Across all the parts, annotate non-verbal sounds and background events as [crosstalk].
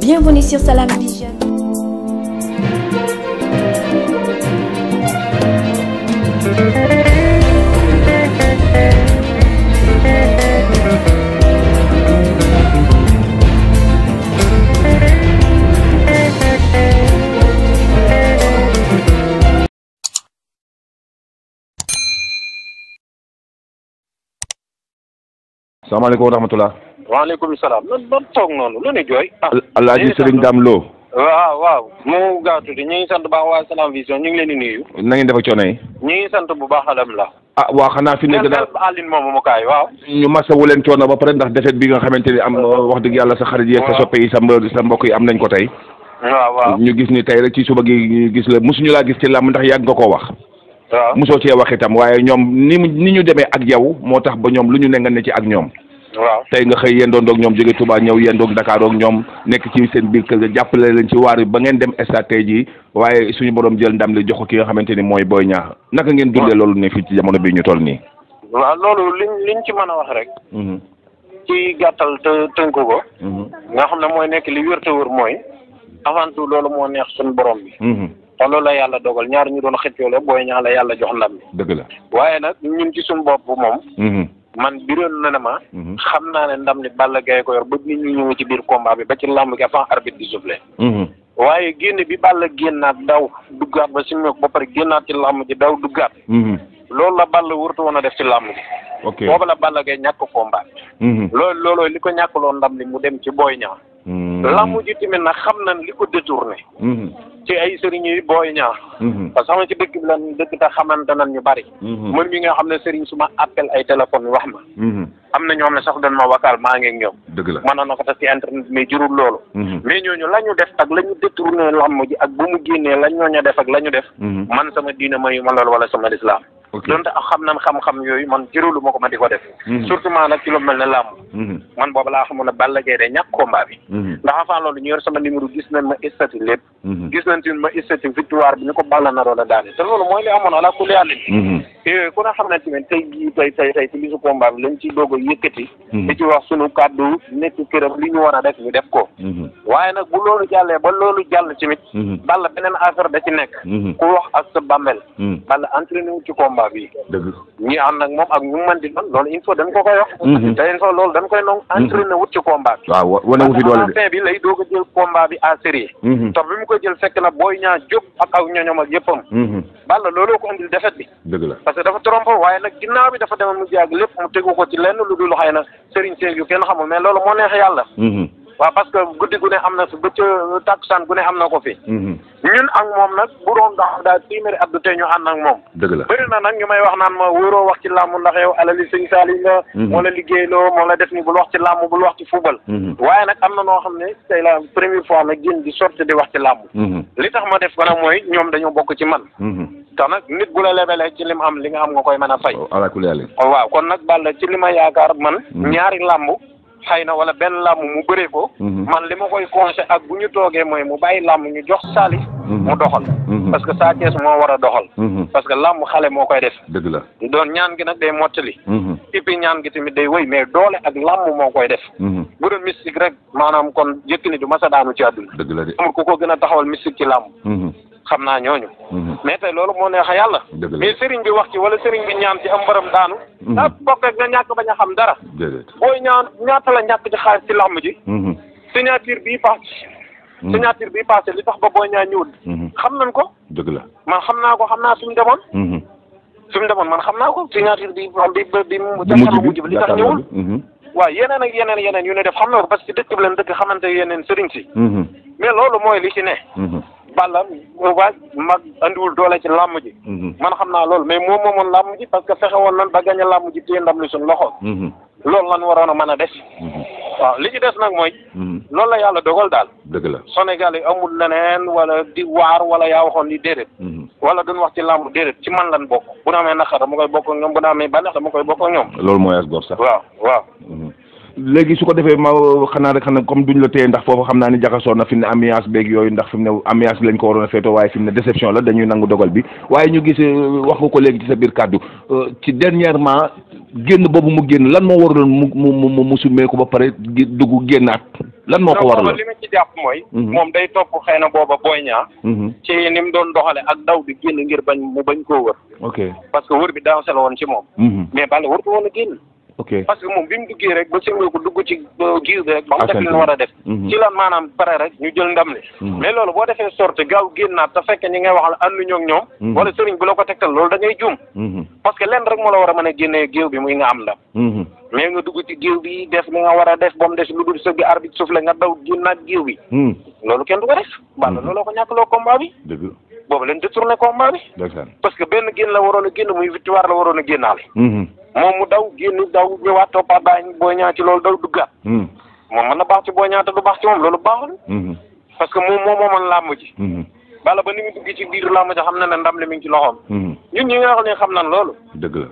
Bienvenue sur Salam Vision. salaamaaleykum wa rahmatulah. waaleykum salaam lan lan toog noonu lu ne jooy. Ah, alaaji sëriñ Dame Lo. waaw waaw mu gaa tuuti ñu ngi sant bu baax waa Salam Vision ñu ngi leen di nuyu. na ngeen def ak coono yi. ñu ngi sant bu baax alhamdulilah. ah waa xanaa fi nekk daal moomu kaay waaw. ñu masawu leen coono ba pare ndax defet bi nga xamante ni am wax dëgg yàlla sa xarit yeeg sa soppe yi sa sa yi am nañ ko tey. ñu gis ni tey rek ci suba gi gis la mosuñu laa gis ci mu ndax yàgg nga koo wax. waaw mosoo cee wax itam waaye ñoom ni mu ni ñu demee ak yow moo tax ba ñoom lu ñu ne ne ci ak ñoom waaw tey nga xëy yendoondoog ñoom jóge Touba ñëw yendoog Dakar ak ñoom nekk ci seen biir kër ga jàppale leen ci waar bi ba ngeen dem stade tey jii waaye suñu borom jël ndam li jox ko ki nga xamante ni mooy Boy Niang naka ngeen dundee loolu ne fii ci jamono bi ñu toll nii. waaw loolu liñ liñ ci mën a wax rek. Mm-hmm. ci gàttal te tënku ko. Mm-hmm. nga xam ne mooy nekk li wér te mooy avant tout loolu moo neex suñu borom bi. Mm-hmm. te loolu la yàlla dogal ñaar ñu doon xëccoo la Boy Niang la yàlla jox ndam bi. dëgg la waaye nag ñun ci suñu bopp moom. man biroon na ne ma. Mhm. xam naa ne ndam ni Balla Gaye ko yor ba nit ñi ñëw ci biir combat bi ba ci làmb gi avant arbitre di soufflé. Mhm. waaye génn bi Balla génnaat daw duggaat ba suñu ba pare génnaat ci làmb ji daw duggaat. Mhm. loolu la Balla wurtu woon a def ci làmb ji. ok boobu la Balla Gaye ñàkk combat. lool looloo li ko ñàkkuloon ndam ni mu dem ci booy Niang. Mm-hmm. lamb ji tamit nag xam nañ li ko détourné. Mm-hmm. ci ay sëriñ yi booy ñaar. parce que xam ci dëkk bi lan dëkk te xamante nañ ñu bari. Mm-hmm. mën mi nga xam ne sëriñ suma ma appel ay téléphone wax ma. am na ñoo xam ne sax dañ ma wakal maa ngi ak ñoom. dëgg la na ko def ci internet mais jurul loolu. mais ñooñu la ñu def ak la ñu détourné lamb ji ak bu mu génnee la ñooñu def ak la ñu def. man sama diina mayu ma loolu wala sama lislaam ok donte ak xam nan xam-xam yooyu man jëralu ma ko ma di ko def. Mhm. surtout maa nag ne làmb. Mhm. man boobu xamoon ne Balla Gaye de ñàkk combat bi. Mhm. ndax avant loolu ñu sama numéro gis nañ ma istati lépp. gis nañ ci ma istati victoire bi ñu ko Balla naroon a daane te loolu mooy li amoon ala kulli yooyu eh, ku nga xam ne tamit tey jii tey tey tey ci bisu combat bi lañ ci doog a yëkkati. Mhm. di ci wax sunu kàddu nekk këram li ñu war a def ñu def ko. Mhm. waaye nag bu loolu jàllee ba loolu jàll tamit. Balla mhm. beneen affaire da ci nekk. ku wax ak sa bàmmeel. Balla entraîné wu ci combat bi. dëgg ñi ànd ak moom ak ñu mën di doon loolu il faut dañ ko koy wax. te il faut loolu dañ koy nangu entraîné wut ci combat bi. bi fin bi lay doog a jël combat bi à série. te bi mu koy jël fekk na booy ñaa jóg ak aw ñoñom ak yëppam. Balla looloo ko andil defet bi. dëgg la. parce que dafa trompo waaye nag ginnaaw bi dafa demoon mu jàgg lépp mu tegu ko ci lenn lu dul xëy na sëriñ seeg yu kenn xamul mais loolu moo neex yàlla mhm. waaw parce guddi gu ne am na fi ba ca gu ne am na ko fi mhm. ñun ak moom nag bu doon daal daal téeméeri at ñu ànd ak moom dëgg la bëri na nag ñu may wax naan ma wóoroo wax ci làmb ndax yow alali sëñ Saliou la mhm. moo la liggéeyloo moo la def ni bul wax ci làmb bul wax ci football waaye nag am na noo tax nag nit bu la lebelee ci lim am li nga am nga koy mën a fay. waaw kon nag Balla ci li yaakaar man. Mhm. ñaari làmb xëy na wala benn làmb mu bëree ko. Mhm. man li ma koy conseil ak bu ñu toogee mooy mu bàyyi làmb ñu jox saalis mhm. mu doxal. parce que Sa Thiès moo war a doxal. parce que làmb xale moo koy def. dëgg la doon ñaan gi nag day mottali. et puis ñaan gi tamit day wëy mais doole ak làmb moo koy def. bu doon mystique rek maanaam kon Yékini du mas a daanu ci àdduna. dëgg la xam naa ñooñu. Mhm. mais tey loolu moo neex yàlla. mais sëriñ bi wax ci wala sëriñ bi ñaan ci am mbaram daanu. daa mhm. ah, bokk ak nga ñàkk bañ a xam dara. booy ñaan ñaata la ñàkk ci xaalis ci làmb ji. Mhm. signature bii paase. signature bii paase li tax ba booy ñaan ñëwul. xam nañ ko. dëgg la man xam naa ko xam naa suñu demoon. suñu demoon man xam naa ko signature bi bi bi mu. mujj bi li tax ñëwul. waaw yeneen ak yeneen yeneen yu ne def xam na ko parce que dëkk bi leen dëkk xamante yeneen sëriñ si. mais loolu mooy li ne. Balla Moubass mag andiwul doole ci làmm ji. Mhm. man xam naa loolu mais moom moomoon làmm ji parce que fexe woon nan ba gañ a ji téye ndam li loxo. Mhm. loolu lan waroon a mën a des. Mhm. waaw li ci des nag mooy. loolu la yàlla dogal daal. dëgg la Sénégal yi amul leneen wala di waar wala yaa waxoon li déedéet. wala duñ wax ci làmb déedéet ci man lan bokk. bu na amee naqar dama koy bokk ak ñoom bu na amee bànneex koy bokk ak ñoom. mooy as gor waaw waaw. léegi su ko defee ma xanaa rek xanaa comme duñ la téye ndax foofu xam naa ni jaxasoo na fi mu ne ambiance beeg yooyu ndax fi mu ne ambiance bi ko waroon a feetoo waaye fi ne déception la dañuy nangu dogal bi waaye ñu gis euh, wax nga ko léegi ci sa biir kàddu euh, ci dernièrement génn boobu mu génn lan moo waraloon mu mu mu mu summeeku ba pare dugg génnaat lan moo ko waraloon li ma ci jàpp mooy. Mhm. moom day topp xëy na booba booy ñaa. Mhm. ci ni mu doon doxale ak daw di génn ngir bañ bañ koo wër. ok parce que wër bi daaw sel woon ci moom. Mhm. mais Balla wër ok parce que moom bi mu rek ba sëngoo ko dugg ci giir bi rek ba mu def li war a def mhm. ci la maanaam pare rek ñu jël ndam li mhm. mais loolu boo defee sorte gaaw génnaat te fekk ñi ngay mhm. wala sëriñ bu ko tegtal loolu da ngay juum parce que lenn rek moo la war a mën a bi muy nga am ndam mais nga dugg ci géew bi def li nga war a def ba mu des lu dul bi loolu kenn du ko def Balla looloo ko ñàkk bi boobu leen détourné combat bi parce que benn génn la waroon a génn muy moom mu daw génn daw ñëwaat toppaat daañu booy ñaa ci loolu daw duggaat. Hmm. moom mën na baax ci booy ñaa baax ci moom loolu baaxul. Hmm. parce que moom moo moomoon làmb ji. Hmm. bala ba ni mu dugg ci biir làmb xam na ne ndam mi ngi ci loxoom. xam ne xam nañ loolu. dëgg la.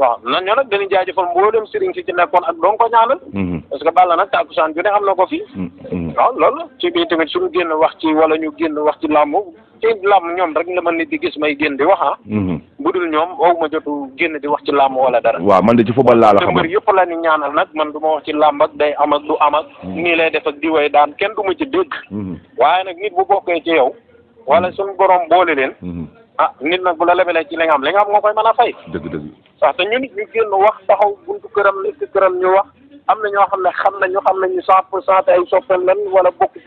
waaw nan ñoo nag dañuy nekkoon ak doon ko ñaanal. que Balla nag tàkkusaan ju ne na ko fi. waaw loolu ci biir tamit suñu génn wax ci wala ñu génn wax ci làmb ci làmb ñoom rek la mën nit di gis may génn di wax ah. bu dul ñoom aw ma jotu génn di wax ci làmb wala dara. waaw man de ci football laa la xam. mbër nag man du ma wax ci làmb ak day am ak du am ak. Mm-hmm. nii lay def ak di daan kenn du ma ci dégg. Mm-hmm. waaye nag nit bu bokkee ci yow. wala mm-hmm. suñu borom boole leen. ah nit nag bu la lebalee ci li nga am li nga am nga koy mën a fay. dëgg dëgg waaw te ñun ñu génn wax taxaw buntu këram nekk këram ñu wax am na ñoo xam ne xam nañu xam nañu cent pour cent te ay soppal lan wala bokk ci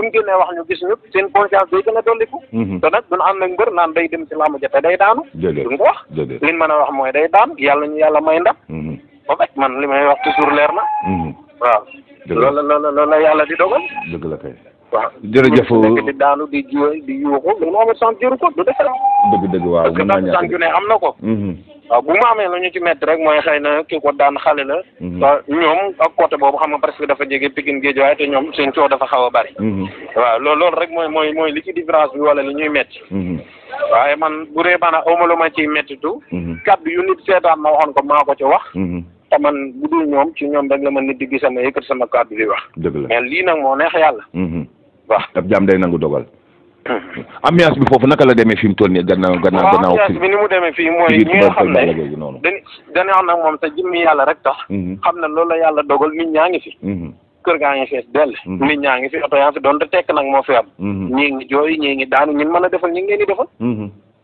buñ génnee wax ñu gis ñu seen conscience day gën a dolliku mhm. te nag duñ am nag mbër naan day dem ci làmb ja te daanu duñ ko wax liñ mën a wax day daan yàlla ñu yàlla may ndam mhm. ba fekk man li may wax toujours leer na mhm. waaw loolu loolu loolu la yàlla di dogal dëgg la kay waaw jërëjëf nekk di daanu di jiw di yuuxu lu mu amul sant jëru ko du defal dëgg dëgg waaw parce que daal sant ju am na ko waaw bu mu amee la ñu ci metti rek mooy xëy na ki ko daan xale la. Mhm. ñoom ak côté boobu xam nga presque dafa jege Pikine géej waaye te ñoom seen coow dafa xaw a bari. Mhm. waaw loolu loolu rek mooy mooy mooy li ci différence bi wala li ñuy métti. Mhm. waaye man bu dee maanaam aw ma lu ma ciy méttitu. kaddu yu nit seetaan ma waxoon ko maa ko ci wax. te man bu dul ñoom ci ñoom rek la ma nit di gis sama yëkkat sama kaddu di wax. dëgg la mais lii nag moo neex yàlla. waaw ab jaam day nangu dogal. [clears throat] ambiance bi foofu naka la demee fi mu toll nii gannaaw gannaaw ah, gannaaw. waaw ambiance bi ni mu demee fii mooy ñi nga xam ne dañuy dañuy wax nag moom sa jëmmi yàlla rek tax. Mhm. xam na loolu la yàlla dogal nit ñaa ngi fi. Mhm. kër gaa ngi fees dell. Mhm. nit ñaa ngi fi oto yaa fi doonte tek nag moo fi am. ñii ngi jooy ñii ngi daanu ñun mën a defal ñu ngi leen di defal.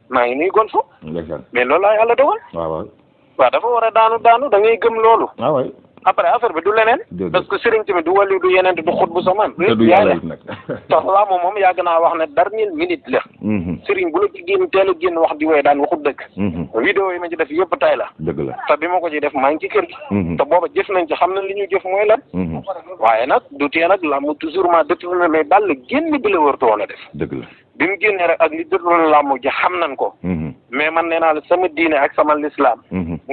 maa ngi nuyu gonfo. mais loolu la yàlla dogal. waaw dafa war a daanu daanu da ngay gëm loolu. après affaire bi du leneen. parce que sëriñ tamit du wàllu du yeneen du xut bu samaan. te du yàlla it [laughs] moom moom yàgg naa wax ne dernière minute la. Mm-hmm. sëriñ bu la ci génn teel a génn wax di woy daan waxut dëgg. Mm-hmm. vidéo yi ma ci def yëpp tay la. dëgg la te bi ma ko ci def maa ngi ci kër gi. Mm-hmm. te booba jëf nañ ci xam nañ li ñuy jëf mooy lan. waaye nag du tee nag làmb toujours ma détourné mais bàll génn bi la wërtu woon a def. dëgg la bi mu génnee rek ak li détourné làmb ji xam nañ ko. mais man nee naa la sama diine ak sama lislaam.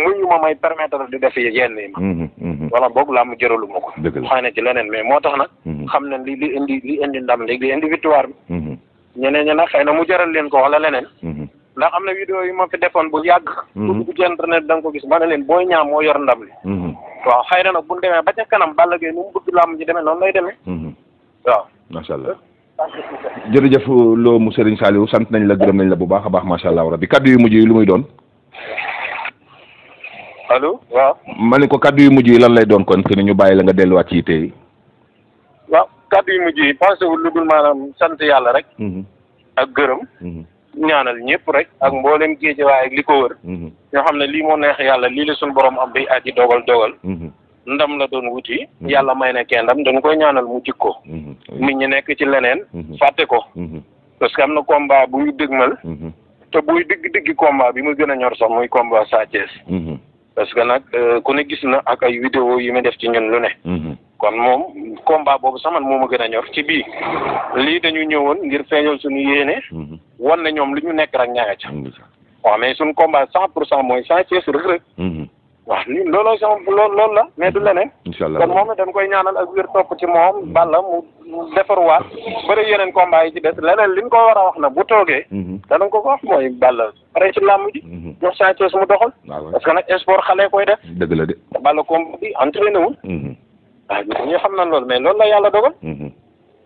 muyu ma may permettre di def yenn yi wala boog làmb jëralu ma ko xëy na ci leneen mais moo tax na mhm. xam nañ li li indi li indi ndam léegi li indi victoire bi mhm. ñeneen ñi nag xëy na mu jaral leen ko wala leneen mhm. ndax xam ne vidéo yu ma fi defoon bu yàgg ku dugg ci internet ko gis ma ne leen booy ñaam moo yor ndam li waaw xëy na nag bu ñu demee ba ca kanam Balla Gaye nu mu làmb ji demee noonu lay demee waaw macha allah [laughs] jërëjëf loo mu Serigne wu sant nañ la gërëm nañ la bu baax a baax macha allah rabbi kaddu yu mujj yi lu muy doon allo waaw. ma ne ko kaddu yu mujj yi lan lay doon kon que ni ñu bàyyi la nga delluwaat ci yitte yi. waaw kaddu yu mujj yi pensé wul lu dul maanaam sant yàlla rek. Mhm. ak gërëm. Mhm. ñaanal ñëpp rek ak mboolem géejewaay ak li ko wër. ñoo mhm. xam ne lii moo neex yàlla lii la suñu borom am day aji dogal dogal. ndam la doon wuti. yàlla may nekkee ndam dañu koy ñaanal mu jik ko. nit ñi nekk ci leneen. fàtte ko. parce que am na combat buy dëgmal. te buy digg digg combat bi gën a muy parce que nag euh, ku ne gis na ak ay vidéo yi mu def ci ñun lu ne. Mhm. kon moom combat boobu sax man moo ma gën a ñor ci bii lii dañu ñëwoon ngir feeñal suñu yéene. Mhm. wan na ñoom lu ñu nekk rek ñaanga ca. Mhm. waaw mais suñu combat cent pour cent mooy cent pièces Reug Reug. waaw looloo loolu la mais du leneen. incha allah kon moom dañ koy ñaanal ak wér topp ci moom Balla mu defarwaat bëri yeneen combat yi ci des leneen li ñu ko war a wax na bu toogee. Mhm. danañ ko ko wax mooy Balla pare ci làmb ji. Mhm. jox Sa Thiès mu doxal. parce que nag sport xale koy def. dëgg la de. Balla combat bi entraîné wul. Mhm. waaw ñun xam na lool mais loolu la yàlla dogal.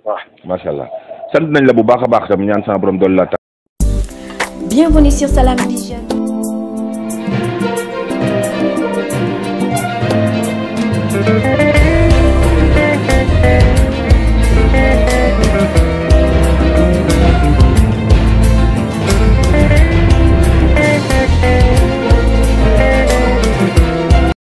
waaw macha allah sant nañ la bu baax a baax tam ñaan sama borom dool la. Bienvenue